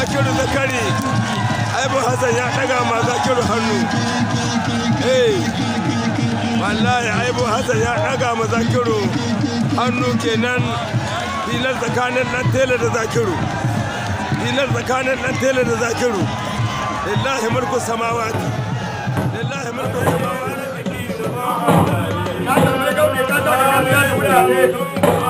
zakiru zakari aibu hassan ya daga ma zakiru hannu eh wallahi aibu hassan ya daga ma zakiru hannu kenan filar tsakanin nan tela da zakiru filar tsakanin nan tela da zakiru lillahi mulku samawati lillahi mulku samawati